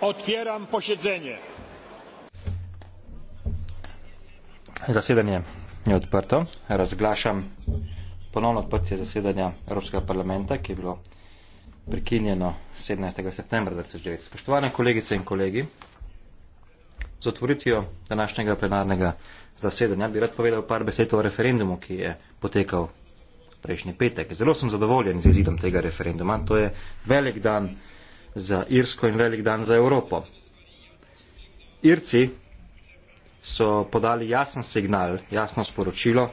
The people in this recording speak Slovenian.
otwieram posiedzenie zasiedanie nie odprto razglašam ponovno odprtje zasedanja Evropskega parlamenta, ki je bilo prekinjeno 17. septembra 2009. Spoštovane kolegice in kolegi, z otvoritvijo današnjega plenarnega zasedanja bi rad povedal par besed o referendumu, ki je potekal prejšnji petek. Zelo sem zadovoljen z izidom tega referenduma. To je velik dan za Irsko in velik dan za Evropo. Irci so podali jasen signal, jasno sporočilo,